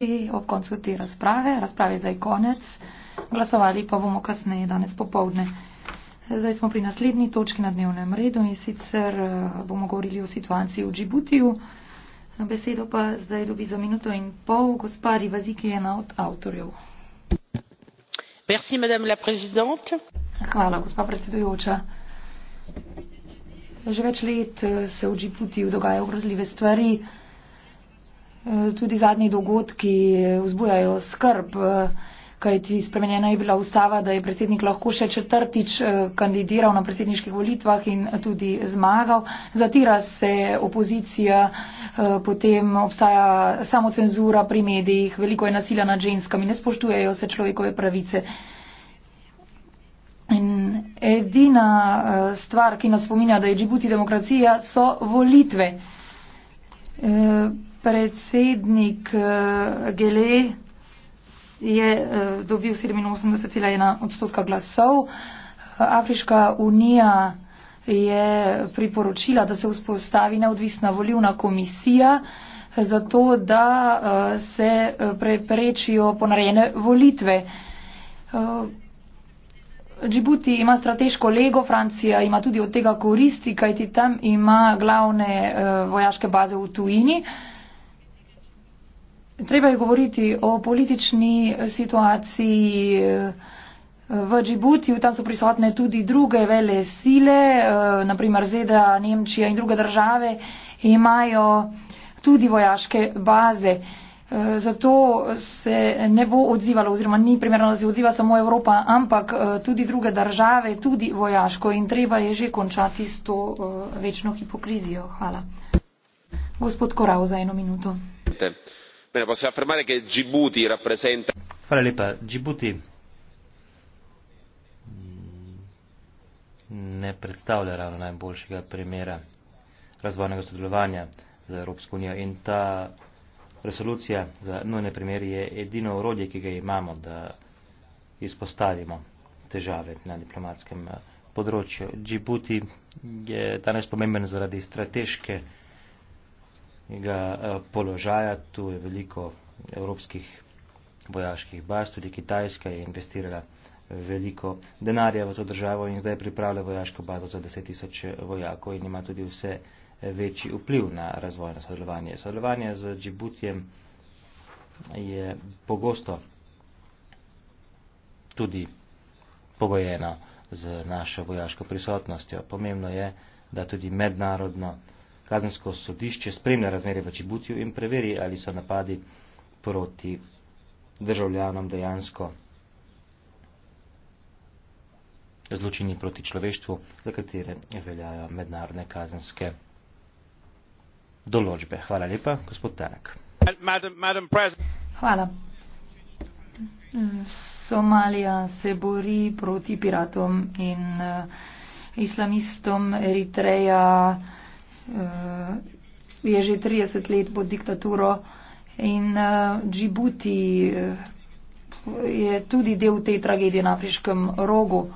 E, ob koncu te razprave. Razprave je zdaj konec, glasovali pa bomo kasneje danes popovdne. Zdaj smo pri naslednji točki na dnevnem redu in sicer eh, bomo govorili o situaciji v Džibutiju. Besedo pa zdaj dobi za minuto in pol gospa Rivazi, ki je ena od avtorjev. Merci, Hvala, gospa predsedujoča. Že več let eh, se v Džibutiju dogajajo grozljive stvari tudi zadnji dogodki vzbujajo skrb, kajti spremenjena je bila ustava, da je predsednik lahko še četrtič eh, kandidiral na predsedniških volitvah in tudi zmagal. Zatira se opozicija, eh, potem obstaja samocenzura pri medijih, veliko je nasilja nad ženskami, ne spoštujejo se človekove pravice. In edina eh, stvar, ki nas spominja, da je Džibuti demokracija, so volitve. E, predsednik uh, Gele je uh, dobil 87,1 odstotka glasov. Afriška unija je priporočila, da se vzpostavi neodvisna volivna komisija, zato da uh, se preprečijo ponarejene volitve. Uh, Džibuti ima strateško lego, Francija ima tudi od tega koristi, kajti tam ima glavne uh, vojaške baze v tujini. Uh, Treba je govoriti o politični situaciji eh, v Džibutiju. Tam so prisotne tudi druge vele sile, eh, naprimer ZDA, Nemčija in druge države imajo tudi vojaške baze. Eh, zato se ne bo odzivalo oziroma ni primerno, da se odziva samo Evropa, ampak tudi druge države, tudi vojaško in treba je že končati s to večno hipokrizijo. Hvala. Gospod Korav za eno minuto. Te bene possiamo affermare che Djibouti rappresenta Faralipa, Djibouti mm, ne predstavlja ravno najboljšega primera razvojnega sodelovanja za Evropsko unijo in ta resolucija za nujne primere je edino orodje, ki ga imamo, da izpostavimo težave na diplomatskem eh, področju. Džibuti je danes pomemben zaradi strateške svojega eh, položaja. Tu je veliko evropskih vojaških baz, tudi Kitajska je investirala veliko denarja v to državo in zdaj pripravlja vojaško bazo za 10 tisoč eh, vojakov in ima tudi vse eh, večji vpliv na razvojno sodelovanje. Sodelovanje z Džibutijem je pogosto tudi pogojeno z našo vojaško prisotnostjo. Pomembno je, da tudi mednarodno kazensko sodišče spremlja razmere v Čibutiju in preveri, ali so napadi proti državljanom dejansko zločini proti človeštvu, za katere veljajo mednarodne kazenske določbe. Hvala lepa, gospod Tanek. Hvala. Somalija se bori proti piratom in uh, islamistom Eritreja. Eh, je že 30 let pod diktaturo in eh, Džibuti eh, je tudi del te tragedije na Afriškem rogu.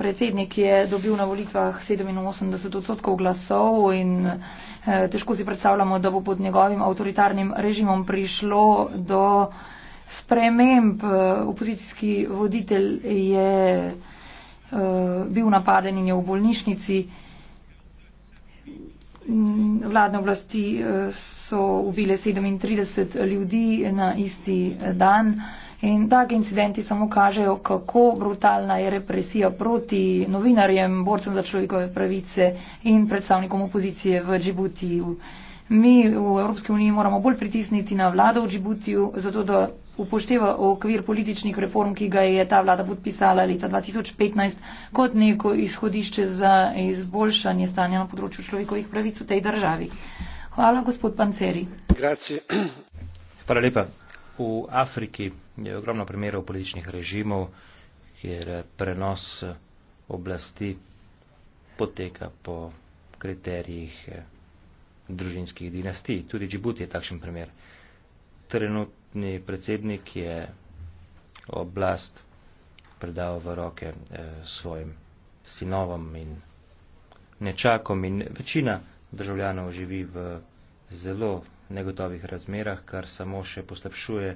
Predsednik je dobil na volitvah 87 odstotkov glasov in težko si predstavljamo, da bo pod njegovim avtoritarnim režimom prišlo do sprememb. Opozicijski voditelj je bil napaden in je v bolnišnici. Mm, vladne oblasti eh, so ubile 37 ljudi na isti eh, dan. In taki incidenti samo kažejo, kako brutalna je represija proti novinarjem, borcem za človekove pravice in predstavnikom opozicije v Džibutiju. Mi v Evropski uniji moramo bolj pritisniti na vlado v Džibutiju, zato da upošteva okvir političnih reform, ki ga je ta vlada podpisala leta 2015 kot neko izhodišče za izboljšanje stanja na področju človekovih pravic v tej državi. Hvala, gospod Panceri. Grazie. Hvala lepa. V Afriki je ogromno primerov političnih režimov, kjer prenos oblasti poteka po kriterijih eh, družinskih dinastij. Tudi Džibuti je takšen primer trenutni predsednik je oblast predal v roke eh, svojim sinovom in nečakom in večina državljanov živi v zelo negotovih razmerah, kar samo še poslepšuje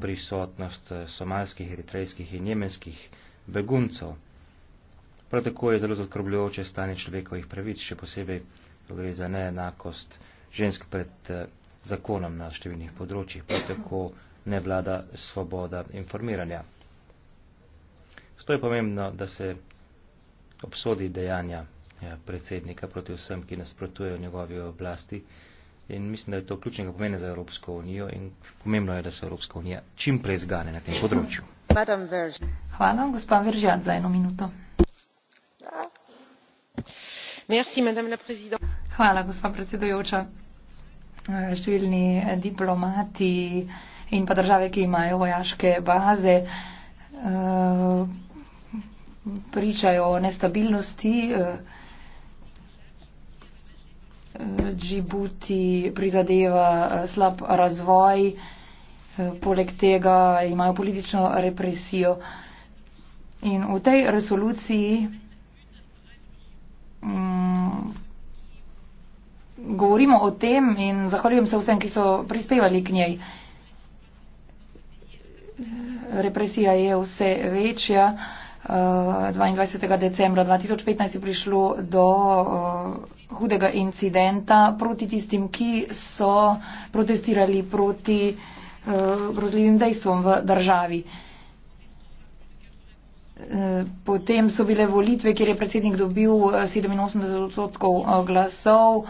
prisotnost eh, somalskih, eritrejskih in jemenskih beguncov. Prav tako je zelo zaskrbljujoče stanje človekovih pravic, še posebej gre za neenakost žensk pred eh, zakonom na številnih področjih, pa tako ne vlada svoboda informiranja. Zato je pomembno, da se obsodi dejanja ja, predsednika proti vsem, ki nasprotujejo njegovi oblasti. In mislim, da je to ključnega pomena za Evropsko unijo in pomembno je, da se Evropska unija čim prej zgane na tem področju. Hvala, gospa Veržjan, za eno minuto. Merci, Hvala, gospa predsedujoča. Eh, številni diplomati in pa države, ki imajo vojaške baze, eh, pričajo o nestabilnosti. Eh, Džibuti prizadeva slab razvoj, poleg tega imajo politično represijo. In v tej resoluciji. Mm, govorimo o tem in zahvaljujem se vsem, ki so prispevali k njej. Represija je vse večja. 22. Eh, decembra 2015 je prišlo do eh, hudega incidenta proti tistim, ki so protestirali proti eh, grozljivim dejstvom v državi. Potem so bile volitve, kjer je predsednik dobil 87 odstotkov glasov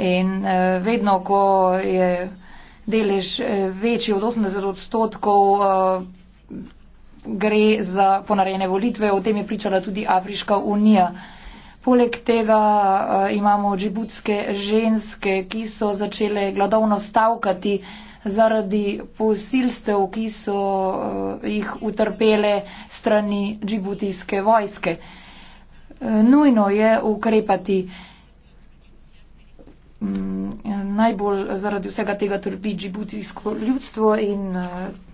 in uh, vedno, ko je delež eh, večji od 80 odstotkov, uh, gre za ponarejene volitve. O tem je pričala tudi Afriška unija. Poleg tega uh, imamo džibutske ženske, ki so začele gladovno stavkati zaradi posilstev, ki so uh, jih utrpele strani džibutijske vojske. Uh, nujno je ukrepati. Uh, najbolj zaradi vsega tega trpi džibutijsko ljudstvo in uh,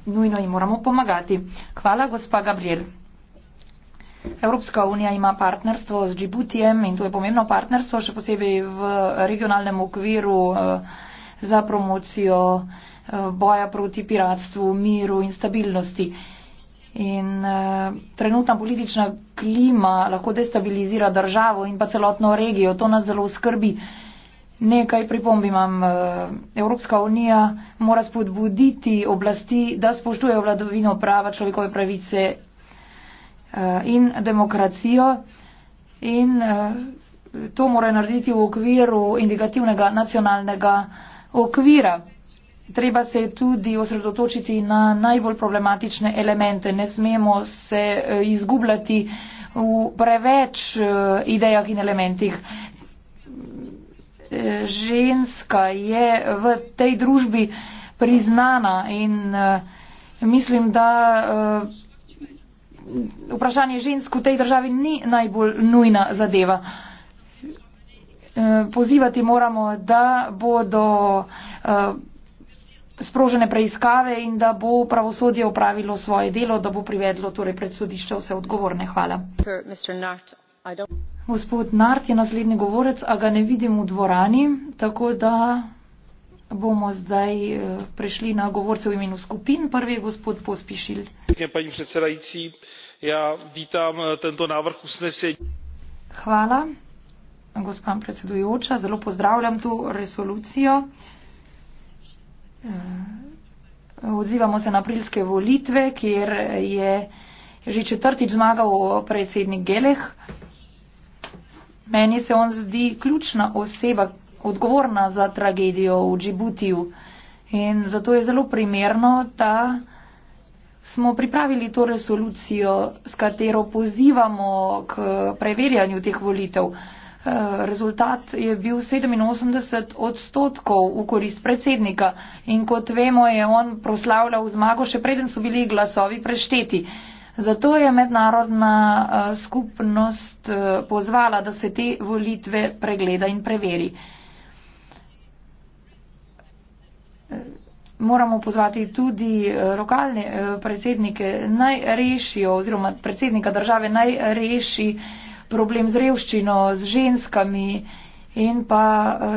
nujno jim moramo pomagati. Hvala, gospa Gabriel. Evropska unija ima partnerstvo z Džibutijem in to je pomembno partnerstvo, še posebej v regionalnem okviru uh, za promocijo uh, boja proti piratstvu, miru in stabilnosti. In uh, trenutna politična klima lahko destabilizira državo in pa celotno regijo. To nas zelo skrbi. Uh, Nekaj pripomb imam. Eh, Evropska unija mora spodbuditi oblasti, da spoštujejo vladovino prava, človekove pravice eh, in demokracijo. In eh, to mora narediti v okviru indikativnega nacionalnega okvira. Treba se tudi osredotočiti na najbolj problematične elemente. Ne smemo se izgubljati v preveč idejah in elementih ženska je v tej družbi priznana in eh, mislim, da eh, vprašanje žensk v tej državi ni najbolj nujna zadeva. Eh, pozivati moramo, da bodo sprožene preiskave in da bo pravosodje opravilo svoje delo, da bo privedlo torej pred sodišče vse odgovorne. Hvala. Mr. Mr. Nart, Gospod Nart je naslednji govorec, a ga ne vidim v dvorani, tako da bomo zdaj eh, prešli na govorce v imenu skupin. Prvi je gospod Pospišil. Ja eh, Hvala, gospod predsedujoča. Zelo pozdravljam to resolucijo. Eh, odzivamo se na aprilske volitve, kjer je že četrtič zmagal predsednik Geleh. Meni se on zdi ključna oseba, odgovorna za tragedijo v Džibutiju. In zato je zelo primerno, da smo pripravili to resolucijo, s katero pozivamo k preverjanju teh volitev. Eh, rezultat je bil 87 odstotkov v korist predsednika in kot vemo je on proslavljal zmago še preden so bili glasovi prešteti. Zato je mednarodna eh, skupnost eh, pozvala, da se te volitve pregleda in preveri. Eh, moramo pozvati tudi lokalne predsednike naj rešijo oziroma predsednika države naj reši problem z revščino, z ženskami in pa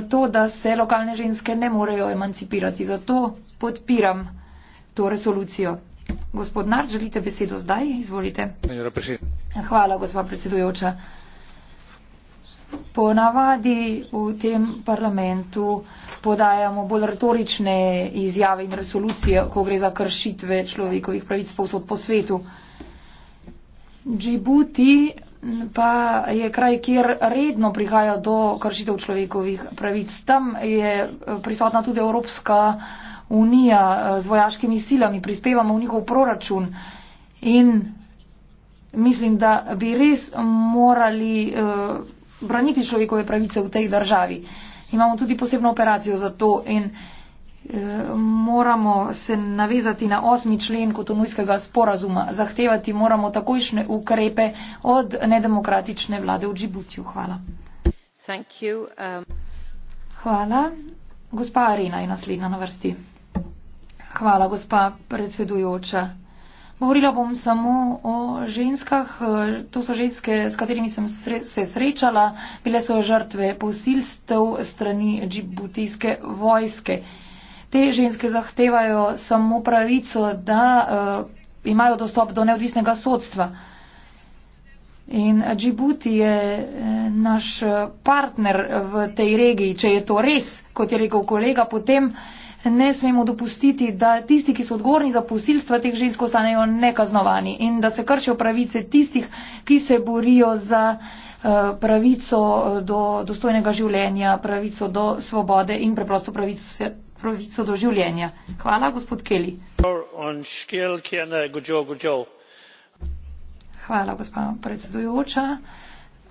to, da se lokalne ženske ne morejo emancipirati. Zato podpiram to resolucijo. Gospod Nard, želite besedo zdaj? Izvolite. Hvala, gospa predsedujoča. Ponavadi v tem parlamentu podajamo bolj retorične izjave in resolucije, ko gre za kršitve človekovih pravic povsod po svetu. Džibuti pa je kraj, kjer redno prihaja do kršitev človekovih pravic. Tam je prisotna tudi Evropska unija unija eh, z vojaškimi silami, prispevamo v njihov proračun in mislim, da bi res morali uh, braniti človekove pravice v tej državi. Imamo tudi posebno operacijo za to in eh, moramo se navezati na osmi člen kotonujskega sporazuma. Zahtevati moramo takojšnje ukrepe od nedemokratične vlade v Džibutiju. Hvala. Um, Hvala. Gospa Arena je naslednja na vrsti. Hvala, gospa predsedujoča. Govorila bom samo o ženskah. E, to so ženske, s katerimi sem se srečala. Bile so žrtve posilstev strani džibutijske vojske. Te ženske zahtevajo samo pravico, da uh, imajo dostop do neodvisnega sodstva. In Džibuti je e, naš partner v tej regiji, če je to res, kot je rekel kolega, potem uh, ne smemo dopustiti, da tisti, ki so odgovorni za posilstva teh žensk, ostanejo nekaznovani in da se kršijo pravice tistih, ki se borijo za eh, pravico eh, do dostojnega življenja, pravico do svobode in preprosto pravico, pravico do življenja. Hvala, gospod Keli. Hvala, gospa predsedujoča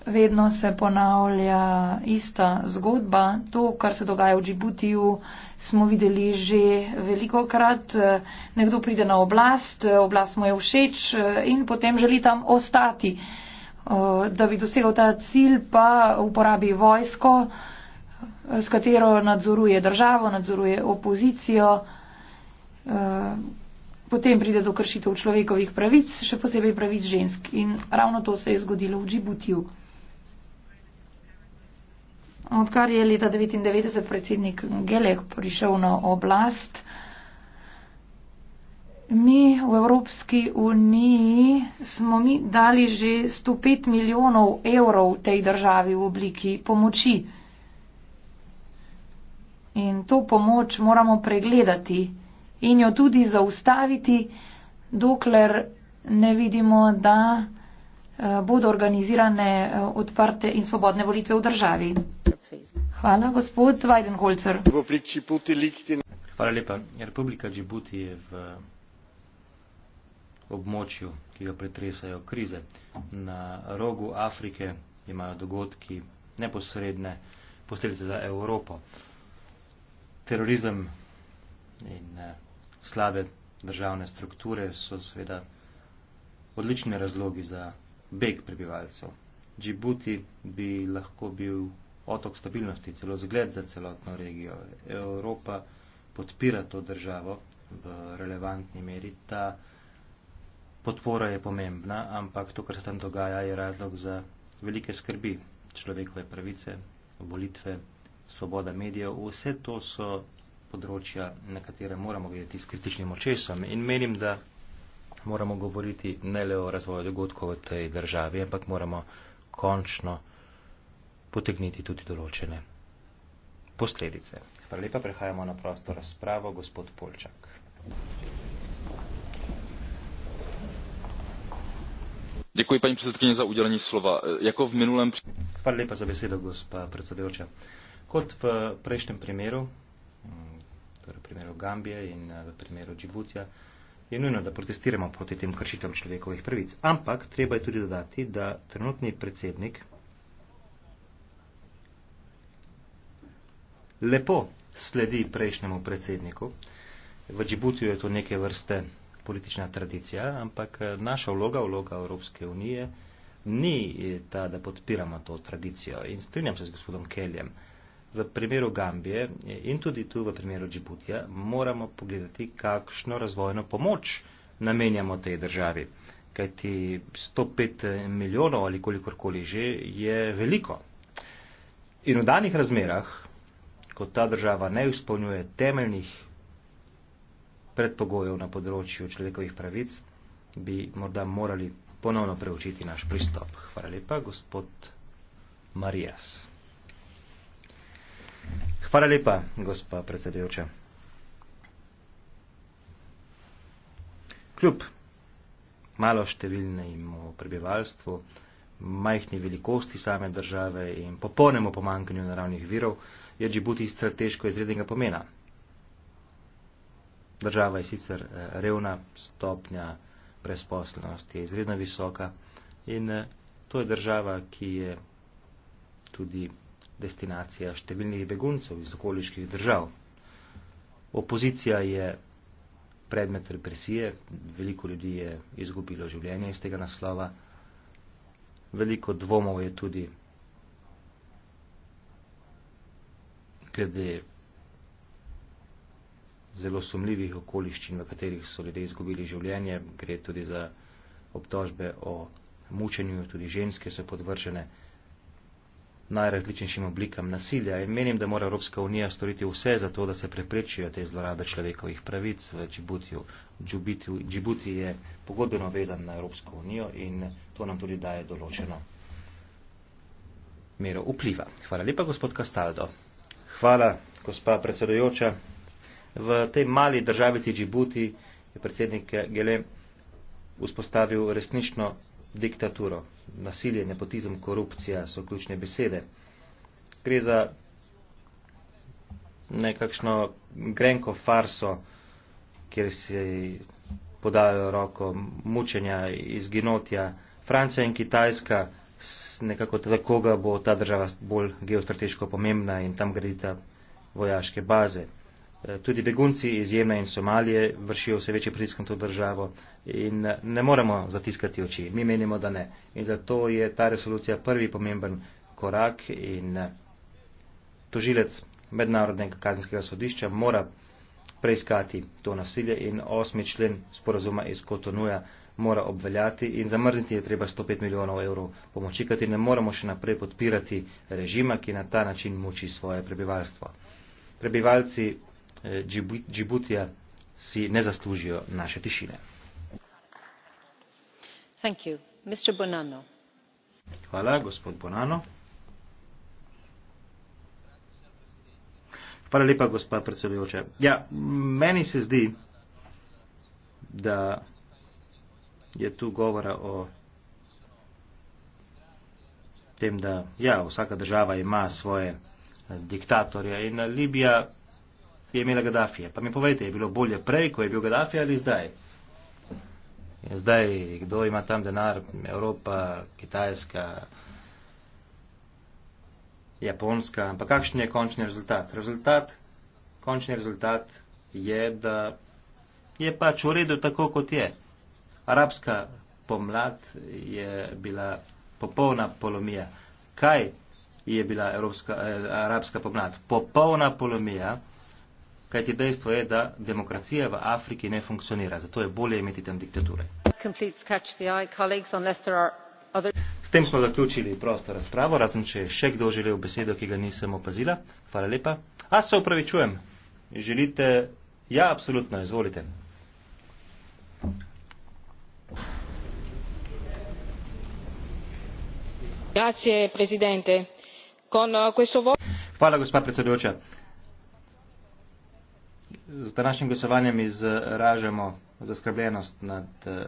vedno se ponavlja ista zgodba. To, kar se dogaja v Džibutiju, smo videli že veliko krat. Nekdo pride na oblast, oblast mu je všeč in potem želi tam ostati. Da bi dosegel ta cilj, pa uporabi vojsko, s katero nadzoruje državo, nadzoruje opozicijo. Potem pride do kršitev človekovih pravic, še posebej pravic žensk. In ravno to se je zgodilo v Džibutiju odkar je leta 1999 predsednik Gelek prišel na oblast. Mi v Evropski uniji smo mi dali že 105 milijonov evrov tej državi v obliki pomoči. In to pomoč moramo pregledati in jo tudi zaustaviti, dokler ne vidimo, da eh, bodo organizirane eh, odprte in svobodne volitve v državi. Hvala lepa. Republika Džibuti je v območju, ki ga pretresajo krize. Na rogu Afrike imajo dogodki neposredne posledice za Evropo. Terorizem in eh, slabe državne strukture so seveda odlični razlogi za beg prebivalcev. Džibuti bi lahko bil otok stabilnosti, celo zgled za celotno regijo. Evropa podpira to državo v relevantni meri. Ta podpora je pomembna, ampak to, kar se tam dogaja, je razlog za velike skrbi. Človekove pravice, volitve, svoboda medijev, vse to so področja, na katere moramo videti s kritičnim očesom. In menim, da moramo govoriti ne le o razvoju dogodkov v tej državi, ampak moramo končno potegniti tudi določene posledice. Hvala lepa, prehajamo na prostor razpravo, gospod Polčak. Děkuji, paní předsedkyně, za udělení slova. Jako v minulém... Hvala lepa za besedo, gospa predsedujoča. Kot v prejšnjem primeru, mm, torej primeru Gambije in eh, v primeru Džibutija, je nujno, da protestiramo proti tem kršitvam človekovih prvic. Ampak treba je tudi dodati, da trenutni predsednik lepo sledi prejšnjemu predsedniku. V Džibutiju je to neke vrste politična tradicija, ampak eh, naša vloga, vloga Evropske unije, ni eh, ta, da podpiramo to tradicijo. In strinjam se z gospodom Keljem, v primeru Gambije eh, in tudi tu v primeru Džibutija moramo pogledati, kakšno razvojno pomoč namenjamo tej državi. Kajti 105 milijonov ali kolikorkoli že je veliko. In v danih razmerah ko ta država ne izpolnjuje temeljnih predpogojev na področju človekovih pravic, bi morda morali ponovno preučiti naš pristop. Hvala lepa, gospod Marijas. Hvala lepa, gospa predsedujoča. Kljub malo številnemu prebivalstvu, majhni velikosti same države in popolnemu pomankanju naravnih virov, je Džibuti strateško izrednega pomena. Država je sicer eh, revna, stopnja brezposlenosti je izredno visoka in eh, to je država, ki je tudi destinacija številnih beguncev iz okoliških držav. Opozicija je predmet represije, veliko ljudi je izgubilo življenje iz tega naslova, veliko dvomov je tudi glede zelo sumljivih okoliščin, v katerih so ljudje izgubili življenje, gre tudi za obtožbe o mučenju, tudi ženske so podvržene najrazličnejšim oblikam nasilja in menim, da mora Evropska unija storiti vse za to, da se preprečijo te zlorabe človekovih pravic v Džibutiju. Džibuti je pogodbeno vezan na Evropsko unijo in to nam tudi daje določeno mero vpliva. Hvala lepa, gospod Kastaldo. Hvala, gospa predsedujoča. V tej mali državici Džibuti je predsednik Gele vzpostavil resnično diktaturo. Nasilje, nepotizem, korupcija so ključne besede. Gre za nekakšno grenko farso, kjer se podajo roko mučenja, izginotja. Francija in Kitajska nekako za koga bo ta država bolj geostrateško pomembna in tam gradita vojaške baze. E, tudi begunci iz Jemna in Somalije vršijo vse večji pritisk na to državo in ne moremo zatiskati oči. Mi menimo, da ne. In zato je ta resolucija prvi pomemben korak in e, tožilec mednarodnega kazenskega sodišča mora preiskati to nasilje in osmi člen sporazuma iz Kotonuja mora obveljati in zamrzniti je treba 105 milijonov evrov pomoči, kajti ne moremo še naprej podpirati režima, ki na ta način muči svoje prebivalstvo. Prebivalci eh, Džibutija si ne zaslužijo naše tišine. Thank you. Mr. Bonanno. Hvala, gospod Bonano. Hvala lepa, gospod predsedujoča. Ja, meni se zdi, da je tu govora o tem, da ja, vsaka država ima svoje eh, diktatorje in eh, Libija je imela Gaddafija. Pa mi povejte, je bilo bolje prej, ko je bil Gaddafija ali zdaj? In zdaj, kdo ima tam denar? Evropa, Kitajska, Japonska. Ampak kakšen je končni rezultat? Rezultat, končni rezultat je, da je pač v redu tako, kot je. Arabska pomlad je bila popolna polomija. Kaj je bila evropska, eh, arabska pomlad? Popolna polomija, kajti dejstvo je, da demokracija v Afriki ne funkcionira. Zato je bolje imeti tam diktature. S tem smo zaključili prosto razpravo, razen če je še kdo želel besedo, ki ga nisem opazila. Hvala lepa. A se upravičujem. Želite? Ja, absolutno, izvolite. Eh, gospa predsedujoča z današnjim glasovanjem izražamo zaskrbljenost nad eh,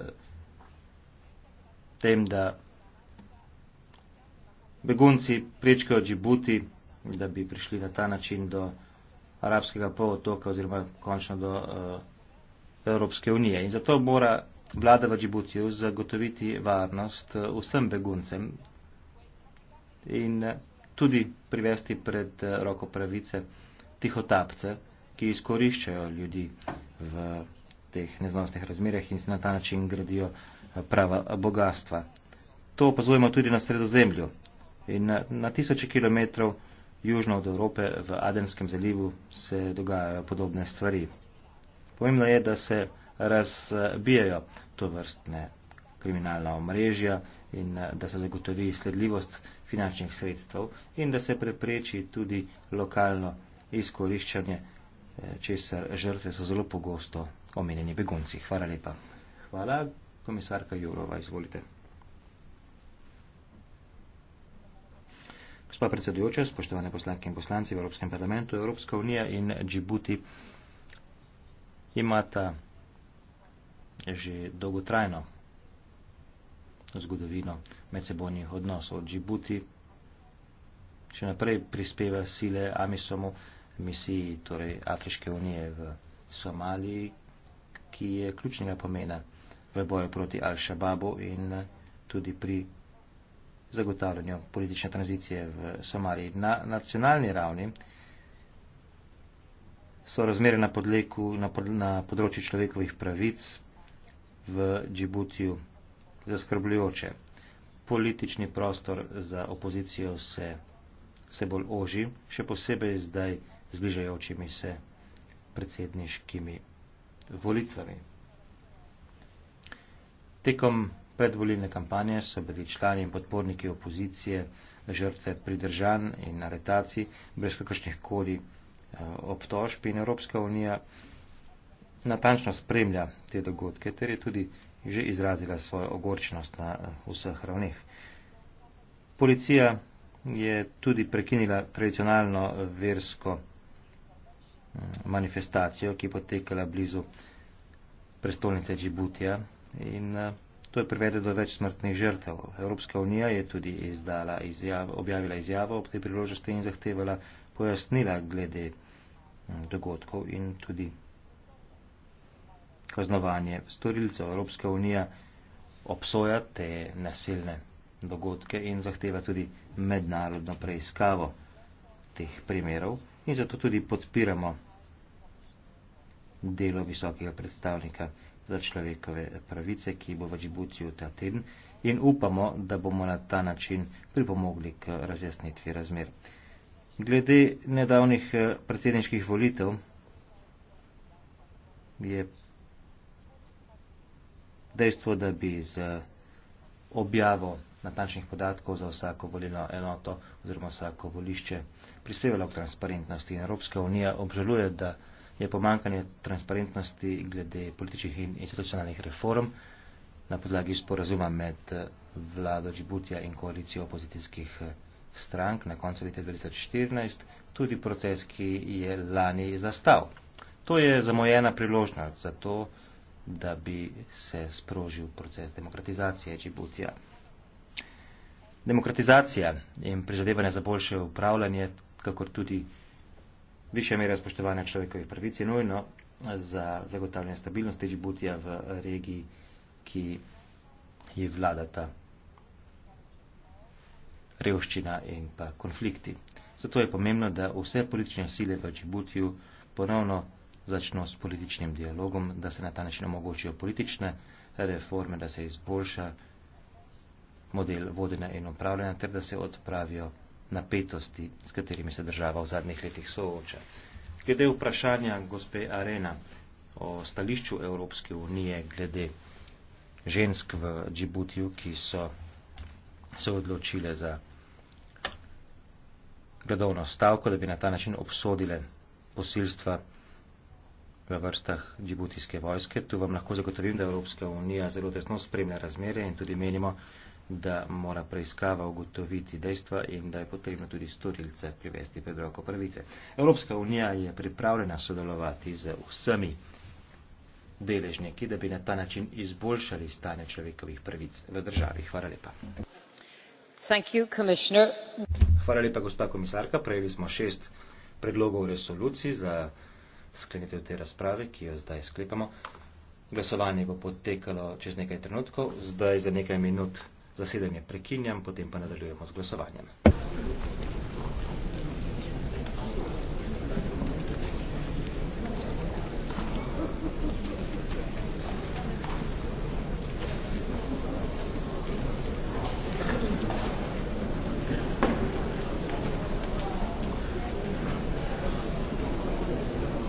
tem da begunci prečkajo džibuti da bi prišli na ta način do arabskega polotoka oziroma končno do uh, evropske unije in zato mora vlada v džibutiju zagotoviti varnost vsem beguncem in eh, tudi privesti pred eh, roko pravice tihotapce, ki izkoriščajo ljudi v teh neznosnih razmerah in se na ta način gradijo eh, prava bogatstva. To opazujemo tudi na sredozemlju in na, na tisoče kilometrov južno od Evrope v Adenskem zalivu se dogajajo podobne stvari. Pomembno je, da se razbijajo to vrstne kriminalna omrežja in da se zagotovi sledljivost finančnih sredstev in da se prepreči tudi lokalno izkoriščanje, eh, česar žrtve so zelo pogosto omenjeni begunci. Hvala lepa. Hvala, komisarka Jurova, izvolite. Gospa predsedujoča, spoštovane poslanke in poslanci v Evropskem parlamentu, Evropska unija in Džibuti imata že dolgotrajno zgodovino medsebojnih odnosov. Džibuti še naprej prispeva sile Amisomu misiji torej Afriške unije v Somaliji, ki je ključnega pomena v boju proti Al-Shababu in tudi pri zagotavljanju politične tranzicije v Somaliji. Na nacionalni ravni so razmere na, podleku, na, na področju človekovih pravic v Džibutiju zaskrbljujoče. Politični prostor za opozicijo se vse bolj oži, še posebej zdaj zbližajočimi se predsedniškimi volitvami. Tekom predvolilne kampanje so bili člani in podporniki opozicije žrtve pridržan in aretacij brez kakršnih koli eh, obtožb in Evropska unija natančno spremlja te dogodke, ter je tudi že izrazila svojo ogorčnost na eh, vseh ravneh. Policija je tudi prekinila tradicionalno eh, versko mm, manifestacijo, ki je potekala blizu prestolnice Džibutija in eh, to je privedlo do več smrtnih žrtev. Evropska unija je tudi izdala izjav, objavila izjavo ob tej priložnosti in zahtevala pojasnila glede mm, dogodkov in tudi kaznovanje storilcev. Evropska unija obsoja te nasilne dogodke in zahteva tudi mednarodno preiskavo teh primerov in zato tudi podpiramo delo visokega predstavnika za človekove pravice, ki bo v Džibutiju ta teden in upamo, da bomo na ta način pripomogli k razjasnitvi razmer. Glede nedavnih eh, predsedniških volitev je dejstvo, da bi z objavo natančnih podatkov za vsako volilno enoto oziroma vsako volišče prispevalo k transparentnosti. In Evropska unija obžaluje, da je pomankanje transparentnosti glede političnih in institucionalnih reform na podlagi sporazuma med vlado Džibutija in koalicijo opozicijskih strank na koncu leta 2014 tudi proces, ki je lani zastal. To je zamojena priložnost, zato da bi se sprožil proces demokratizacije Džibutija. Demokratizacija in prizadevanje za boljše upravljanje, kakor tudi više mere spoštovanja človekovih pravic je nujno za zagotavljanje stabilnosti Džibutija v regiji, ki ji vladata revščina in pa konflikti. Zato je pomembno, da vse politične sile v Džibutiju ponovno začno s političnim dialogom, da se na ta način omogočijo politične reforme, da se izboljša model vodenja in upravljanja, ter da se odpravijo napetosti, s katerimi se država v zadnjih letih sooča. Glede vprašanja gospe Arena o stališču Evropske unije glede žensk v Džibutiju, ki so se odločile za gledovno stavko, da bi na ta način obsodile posilstva v vrstah džibutijske vojske. Tu vam lahko zagotovim, da Evropska unija zelo tesno spremlja razmere in tudi menimo, da mora preiskava ugotoviti dejstva in da je potrebno tudi storilce privesti pred roko pravice. Evropska unija je pripravljena sodelovati z vsemi deležniki, da bi na ta način izboljšali stanje človekovih pravic v državi. Hvala lepa. Thank you, Hvala lepa, gospa komisarka. Prejeli smo šest predlogov resolucij za sklenitev te razprave, ki jo zdaj sklepamo. Glasovanje bo potekalo čez nekaj trenutkov, zdaj za nekaj minut zasedanje prekinjam, potem pa nadaljujemo z glasovanjem.